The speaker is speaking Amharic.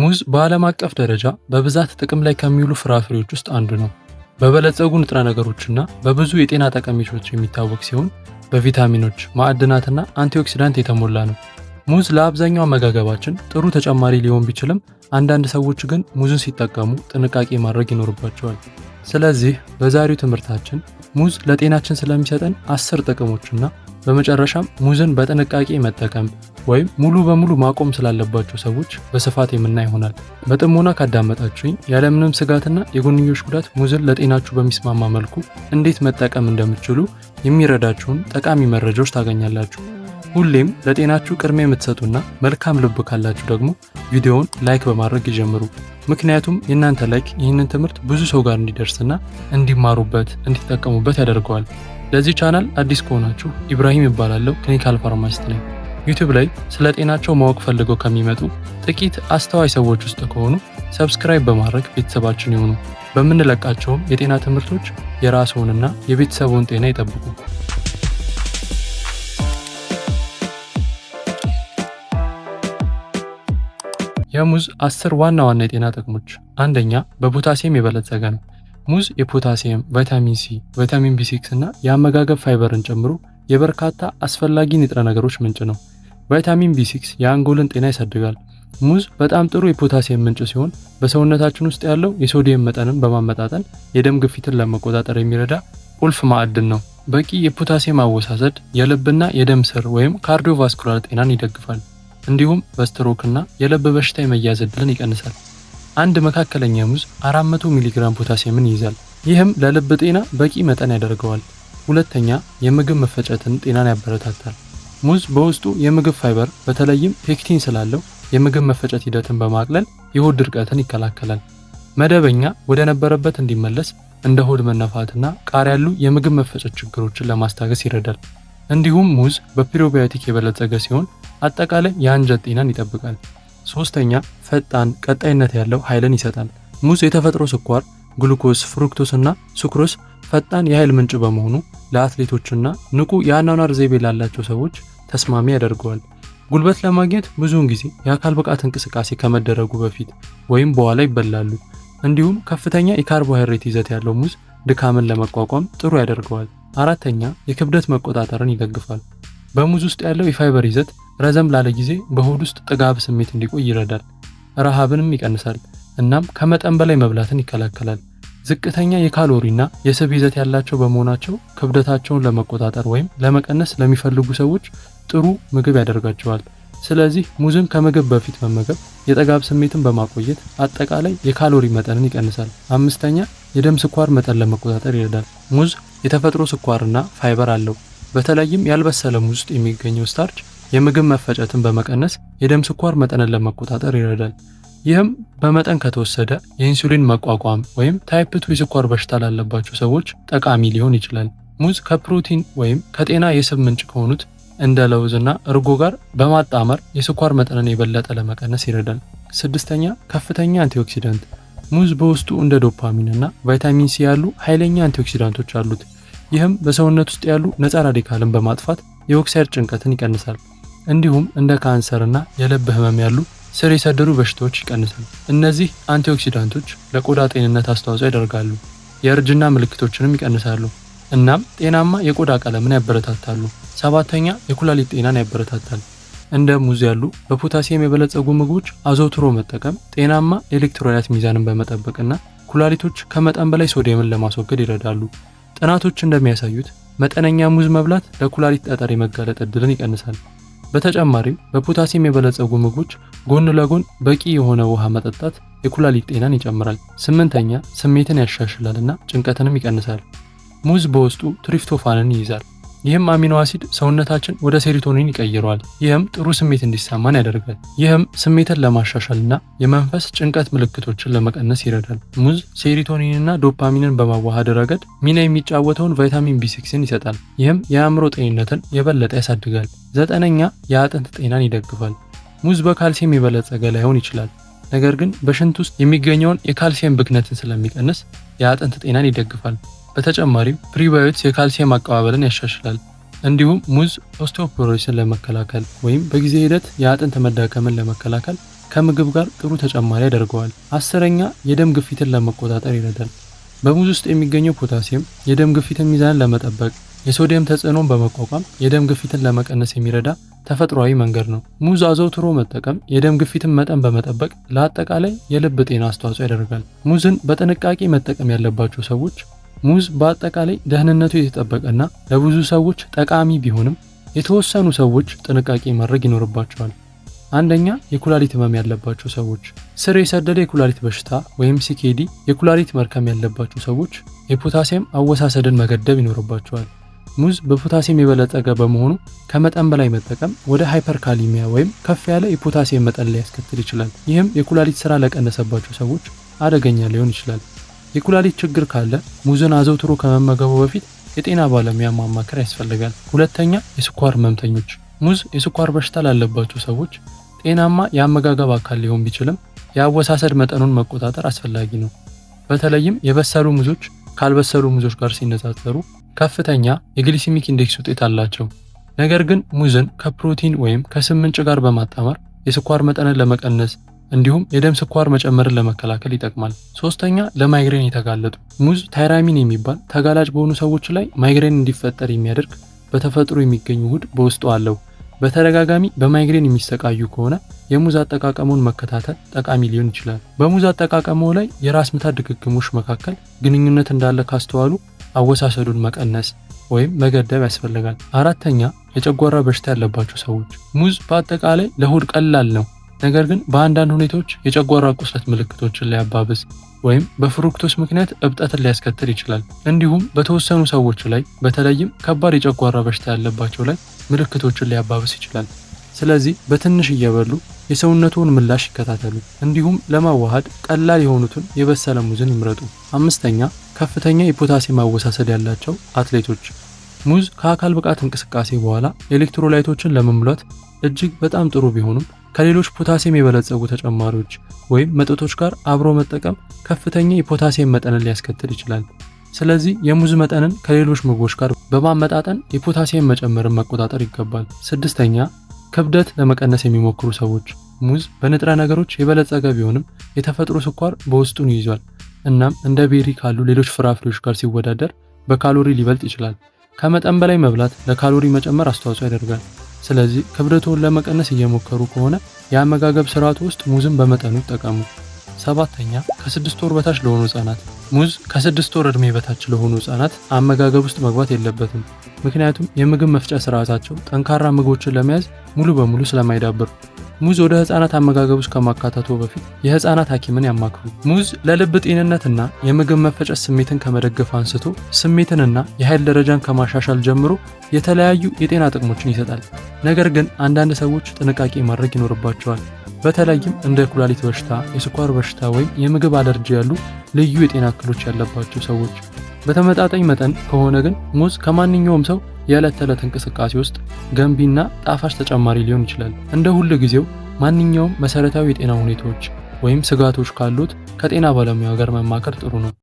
ሙዝ በዓለም አቀፍ ደረጃ በብዛት ጥቅም ላይ ከሚውሉ ፍራፍሬዎች ውስጥ አንዱ ነው። በበለጸጉ ንጥረ ነገሮችና በብዙ የጤና ጠቀሚቶች የሚታወቅ ሲሆን በቪታሚኖች ማዕድናትና አንቲኦክሲዳንት የተሞላ ነው። ሙዝ ለአብዛኛው አመጋገባችን ጥሩ ተጨማሪ ሊሆን ቢችልም አንዳንድ ሰዎች ግን ሙዝን ሲጠቀሙ ጥንቃቄ ማድረግ ይኖርባቸዋል። ስለዚህ በዛሬው ትምህርታችን ሙዝ ለጤናችን ስለሚሰጠን አስር ጥቅሞችና በመጨረሻም ሙዝን በጥንቃቄ መጠቀም ወይም ሙሉ በሙሉ ማቆም ስላለባቸው ሰዎች በስፋት የምና ይሆናል። በጥሞና ካዳመጣችሁኝ ያለምንም ስጋትና የጎንዮሽ ጉዳት ሙዝን ለጤናችሁ በሚስማማ መልኩ እንዴት መጠቀም እንደምትችሉ የሚረዳችሁን ጠቃሚ መረጃዎች ታገኛላችሁ። ሁሌም ለጤናችሁ ቅድሜ የምትሰጡና መልካም ልብ ካላችሁ ደግሞ ቪዲዮውን ላይክ በማድረግ ይጀምሩ። ምክንያቱም የእናንተ ላይክ ይህንን ትምህርት ብዙ ሰው ጋር እንዲደርስና እንዲማሩበት፣ እንዲጠቀሙበት ያደርገዋል። ለዚህ ቻናል አዲስ ከሆናችሁ ኢብራሂም ይባላለሁ። ክሊኒካል ፋርማሲስት ነኝ። ዩቲዩብ ላይ ስለ ጤናቸው ማወቅ ፈልገው ከሚመጡ ጥቂት አስተዋይ ሰዎች ውስጥ ከሆኑ ሰብስክራይብ በማድረግ ቤተሰባችን ይሆኑ በምንለቃቸውም የጤና ትምህርቶች የራስዎንና የቤተሰቡን ጤና ይጠብቁ። የሙዝ አስር ዋና ዋና የጤና ጥቅሞች፣ አንደኛ በፖታሲየም የበለጸገ ነው። ሙዝ የፖታሲየም፣ ቫይታሚን ሲ፣ ቫይታሚን ቢ6 እና የአመጋገብ ፋይበርን ጨምሮ የበርካታ አስፈላጊ ንጥረ ነገሮች ምንጭ ነው። ቫይታሚን ቢ6 የአንጎልን ጤና ያሳድጋል። ሙዝ በጣም ጥሩ የፖታሲየም ምንጭ ሲሆን በሰውነታችን ውስጥ ያለው የሶዲየም መጠንን በማመጣጠን የደም ግፊትን ለመቆጣጠር የሚረዳ ቁልፍ ማዕድን ነው። በቂ የፖታሲየም አወሳሰድ የልብና የደም ስር ወይም ካርዲዮቫስኩላር ጤናን ይደግፋል። እንዲሁም በስትሮክና የልብ በሽታ የመያዝ ይቀንሳል። አንድ መካከለኛ ሙዝ 400 ሚሊ ግራም ፖታሲየምን ይይዛል። ይህም ለልብ ጤና በቂ መጠን ያደርገዋል። ሁለተኛ የምግብ መፈጨትን ጤናን ያበረታታል። ሙዝ በውስጡ የምግብ ፋይበር በተለይም ፔክቲን ስላለው የምግብ መፈጨት ሂደትን በማቅለል የሆድ ድርቀትን ይከላከላል። መደበኛ ወደ ነበረበት እንዲመለስ እንደ ሆድ መነፋትና ቃር ያሉ የምግብ መፈጨት ችግሮችን ለማስታገስ ይረዳል። እንዲሁም ሙዝ በፕሮቢዮቲክ የበለጸገ ሲሆን አጠቃላይ የአንጀት ጤናን ይጠብቃል። ሶስተኛ ፈጣን ቀጣይነት ያለው ኃይልን ይሰጣል። ሙዝ የተፈጥሮ ስኳር፣ ግሉኮስ፣ ፍሩክቶስ እና ሱክሮስ ፈጣን የኃይል ምንጭ በመሆኑ ለአትሌቶችና ንቁ የአኗኗር ዘይቤ ላላቸው ሰዎች ተስማሚ ያደርገዋል። ጉልበት ለማግኘት ብዙውን ጊዜ የአካል ብቃት እንቅስቃሴ ከመደረጉ በፊት ወይም በኋላ ይበላሉ። እንዲሁም ከፍተኛ የካርቦሃይድሬት ይዘት ያለው ሙዝ ድካምን ለመቋቋም ጥሩ ያደርገዋል። አራተኛ የክብደት መቆጣጠርን ይደግፋል። በሙዝ ውስጥ ያለው የፋይበር ይዘት ረዘም ላለ ጊዜ በሆድ ውስጥ ጥጋብ ስሜት እንዲቆይ ይረዳል፣ ረሃብንም ይቀንሳል። እናም ከመጠን በላይ መብላትን ይከላከላል። ዝቅተኛ የካሎሪና የስብ ይዘት ያላቸው በመሆናቸው ክብደታቸውን ለመቆጣጠር ወይም ለመቀነስ ለሚፈልጉ ሰዎች ጥሩ ምግብ ያደርጋቸዋል። ስለዚህ ሙዝን ከምግብ በፊት መመገብ የጥጋብ ስሜትን በማቆየት አጠቃላይ የካሎሪ መጠንን ይቀንሳል። አምስተኛ የደም ስኳር መጠን ለመቆጣጠር ይረዳል። ሙዝ የተፈጥሮ ስኳርና ፋይበር አለው። በተለይም ያልበሰለ ሙዝ ውስጥ የሚገኘው ስታርች የምግብ መፈጨትን በመቀነስ የደም ስኳር መጠንን ለመቆጣጠር ይረዳል። ይህም በመጠን ከተወሰደ የኢንሱሊን መቋቋም ወይም ታይፕ ቱ የስኳር በሽታ ላለባቸው ሰዎች ጠቃሚ ሊሆን ይችላል። ሙዝ ከፕሮቲን ወይም ከጤና የስብ ምንጭ ከሆኑት እንደ ለውዝ እና እርጎ ጋር በማጣመር የስኳር መጠንን የበለጠ ለመቀነስ ይረዳል። ስድስተኛ ከፍተኛ አንቲኦክሲዳንት ሙዝ በውስጡ እንደ ዶፓሚን እና ቫይታሚን ሲ ያሉ ኃይለኛ አንቲኦክሲዳንቶች አሉት። ይህም በሰውነት ውስጥ ያሉ ነፃ ራዲካልን በማጥፋት የኦክሳይድ ጭንቀትን ይቀንሳል። እንዲሁም እንደ ካንሰርና የልብ ህመም ያሉ ስር የሰደዱ በሽታዎች ይቀንሳል። እነዚህ አንቲኦክሲዳንቶች ለቆዳ ጤንነት አስተዋጽኦ ያደርጋሉ፣ የእርጅና ምልክቶችንም ይቀንሳሉ። እናም ጤናማ የቆዳ ቀለምን ያበረታታሉ። ሰባተኛ የኩላሊት ጤናን ያበረታታል። እንደ ሙዝ ያሉ በፖታሲየም የበለጸጉ ምግቦች አዘውትሮ መጠቀም ጤናማ የኤሌክትሮላይት ሚዛንን በመጠበቅና ኩላሊቶች ከመጠን በላይ ሶዲየምን ለማስወገድ ይረዳሉ። ጥናቶች እንደሚያሳዩት መጠነኛ ሙዝ መብላት ለኩላሊት ጠጠር የመጋለጥ እድልን ይቀንሳል። በተጨማሪም በፖታሲየም የበለጸጉ ምግቦች ጎን ለጎን በቂ የሆነ ውሃ መጠጣት የኩላሊት ጤናን ይጨምራል። ስምንተኛ ስሜትን ያሻሽላልና ጭንቀትንም ይቀንሳል። ሙዝ በውስጡ ትሪፍቶፋንን ይይዛል። ይህም አሚኖ አሲድ ሰውነታችን ወደ ሴሪቶኒን ይቀይረዋል። ይህም ጥሩ ስሜት እንዲሰማን ያደርጋል። ይህም ስሜትን ለማሻሻል እና የመንፈስ ጭንቀት ምልክቶችን ለመቀነስ ይረዳል። ሙዝ ሴሪቶኒንና ዶፓሚንን በማዋሃድ ረገድ ሚና የሚጫወተውን ቫይታሚን ቢ ይሰጣል ይህም የአእምሮ ጤንነትን የበለጠ ያሳድጋል። ዘጠነኛ የአጥንት ጤናን ይደግፋል። ሙዝ በካልሲየም የበለጸገ ላይሆን ይችላል ነገር ግን በሽንት ውስጥ የሚገኘውን የካልሲየም ብክነትን ስለሚቀንስ የአጥንት ጤናን ይደግፋል። በተጨማሪም ፕሪባዮቲክስ የካልሲየም አቀባበልን ያሻሽላል። እንዲሁም ሙዝ ኦስቲዮፖሮሲስን ለመከላከል ወይም በጊዜ ሂደት የአጥንት መዳከምን ለመከላከል ከምግብ ጋር ጥሩ ተጨማሪ ያደርገዋል። አስረኛ የደም ግፊትን ለመቆጣጠር ይረዳል። በሙዝ ውስጥ የሚገኘው ፖታሲየም የደም ግፊትን ሚዛንን ለመጠበቅ የሶዲየም ተጽዕኖን በመቋቋም የደም ግፊትን ለመቀነስ የሚረዳ ተፈጥሯዊ መንገድ ነው። ሙዝ አዘውትሮ መጠቀም የደም ግፊትን መጠን በመጠበቅ ለአጠቃላይ የልብ ጤና አስተዋጽኦ ያደርጋል። ሙዝን በጥንቃቄ መጠቀም ያለባቸው ሰዎች ሙዝ በአጠቃላይ ደህንነቱ የተጠበቀና ለብዙ ሰዎች ጠቃሚ ቢሆንም የተወሰኑ ሰዎች ጥንቃቄ ማድረግ ይኖርባቸዋል። አንደኛ የኩላሊት ህመም ያለባቸው ሰዎች፣ ስር የሰደደ የኩላሊት በሽታ ወይም ሲኬዲ የኩላሊት መርከም ያለባቸው ሰዎች የፖታሲየም አወሳሰድን መገደብ ይኖርባቸዋል። ሙዝ በፖታሲየም የበለጸገ በመሆኑ ከመጠን በላይ መጠቀም ወደ ሃይፐርካሊሚያ ወይም ከፍ ያለ የፖታሲየም መጠን ሊያስከትል ይችላል። ይህም የኩላሊት ስራ ለቀነሰባቸው ሰዎች አደገኛ ሊሆን ይችላል። የኩላሊት ችግር ካለ ሙዝን አዘውትሮ ከመመገቡ በፊት የጤና ባለሙያ ማማከር ያስፈልጋል። ሁለተኛ፣ የስኳር ህመምተኞች ሙዝ የስኳር በሽታ ላለባቸው ሰዎች ጤናማ የአመጋገብ አካል ሊሆን ቢችልም የአወሳሰድ መጠኑን መቆጣጠር አስፈላጊ ነው። በተለይም የበሰሉ ሙዞች ካልበሰሉ ሙዞች ጋር ሲነጻጸሩ ከፍተኛ የግሊሲሚክ ኢንዴክስ ውጤት አላቸው። ነገር ግን ሙዝን ከፕሮቲን ወይም ከስምንጭ ጋር በማጣመር የስኳር መጠንን ለመቀነስ እንዲሁም የደም ስኳር መጨመርን ለመከላከል ይጠቅማል። ሶስተኛ ለማይግሬን የተጋለጡ ሙዝ ታይራሚን የሚባል ተጋላጭ በሆኑ ሰዎች ላይ ማይግሬን እንዲፈጠር የሚያደርግ በተፈጥሮ የሚገኝ ውህድ በውስጡ አለው። በተደጋጋሚ በማይግሬን የሚሰቃዩ ከሆነ የሙዝ አጠቃቀሙን መከታተል ጠቃሚ ሊሆን ይችላል። በሙዝ አጠቃቀሙ ላይ የራስ ምታት ድግግሞች መካከል ግንኙነት እንዳለ ካስተዋሉ አወሳሰዱን መቀነስ ወይም መገደብ ያስፈልጋል። አራተኛ የጨጓራ በሽታ ያለባቸው ሰዎች ሙዝ በአጠቃላይ ለሆድ ቀላል ነው ነገር ግን በአንዳንድ ሁኔታዎች የጨጓራ ቁስለት ምልክቶችን ሊያባብስ ወይም በፍሩክቶስ ምክንያት እብጠትን ሊያስከትል ይችላል። እንዲሁም በተወሰኑ ሰዎች ላይ በተለይም ከባድ የጨጓራ በሽታ ያለባቸው ላይ ምልክቶችን ሊያባብስ ይችላል። ስለዚህ በትንሽ እየበሉ የሰውነቱን ምላሽ ይከታተሉ። እንዲሁም ለማዋሃድ ቀላል የሆኑትን የበሰለ ሙዝን ይምረጡ። አምስተኛ ከፍተኛ የፖታሲየም አወሳሰድ ያላቸው አትሌቶች ሙዝ ከአካል ብቃት እንቅስቃሴ በኋላ ኤሌክትሮላይቶችን ለመሙላት እጅግ በጣም ጥሩ ቢሆኑም ከሌሎች ፖታሲየም የበለጸጉ ተጨማሪዎች ወይም መጠጦች ጋር አብሮ መጠቀም ከፍተኛ የፖታሲየም መጠንን ሊያስከትል ይችላል። ስለዚህ የሙዝ መጠንን ከሌሎች ምግቦች ጋር በማመጣጠን የፖታሲየም መጨመርን መቆጣጠር ይገባል። ስድስተኛ ክብደት ለመቀነስ የሚሞክሩ ሰዎች ሙዝ በንጥረ ነገሮች የበለጸገ ቢሆንም የተፈጥሮ ስኳር በውስጡን ይዟል። እናም እንደ ቤሪ ካሉ ሌሎች ፍራፍሬዎች ጋር ሲወዳደር በካሎሪ ሊበልጥ ይችላል። ከመጠን በላይ መብላት ለካሎሪ መጨመር አስተዋጽኦ ያደርጋል። ስለዚህ ክብደቶን ለመቀነስ እየሞከሩ ከሆነ የአመጋገብ ስርዓት ውስጥ ሙዝን በመጠኑ ይጠቀሙ። ሰባተኛ ከስድስት ወር በታች ለሆኑ ህጻናት ሙዝ ከስድስት ወር እድሜ በታች ለሆኑ ህጻናት አመጋገብ ውስጥ መግባት የለበትም። ምክንያቱም የምግብ መፍጫ ስርዓታቸው ጠንካራ ምግቦችን ለመያዝ ሙሉ በሙሉ ስለማይዳብር ሙዝ ወደ ህፃናት አመጋገብ ውስጥ ከማካተቱ በፊት የህፃናት ሐኪምን ያማክሩ። ሙዝ ለልብ ጤንነትና የምግብ መፈጨት ስሜትን ከመደገፍ አንስቶ ስሜትንና የኃይል ደረጃን ከማሻሻል ጀምሮ የተለያዩ የጤና ጥቅሞችን ይሰጣል። ነገር ግን አንዳንድ ሰዎች ጥንቃቄ ማድረግ ይኖርባቸዋል። በተለይም እንደ ኩላሊት በሽታ፣ የስኳር በሽታ ወይም የምግብ አለርጂ ያሉ ልዩ የጤና እክሎች ያለባቸው ሰዎች። በተመጣጣኝ መጠን ከሆነ ግን ሙዝ ከማንኛውም ሰው የዕለት ተዕለት እንቅስቃሴ ውስጥ ገንቢና ጣፋጭ ተጨማሪ ሊሆን ይችላል። እንደ ሁል ጊዜው ማንኛውም መሰረታዊ የጤና ሁኔታዎች ወይም ስጋቶች ካሉት ከጤና ባለሙያ ጋር መማከር ጥሩ ነው።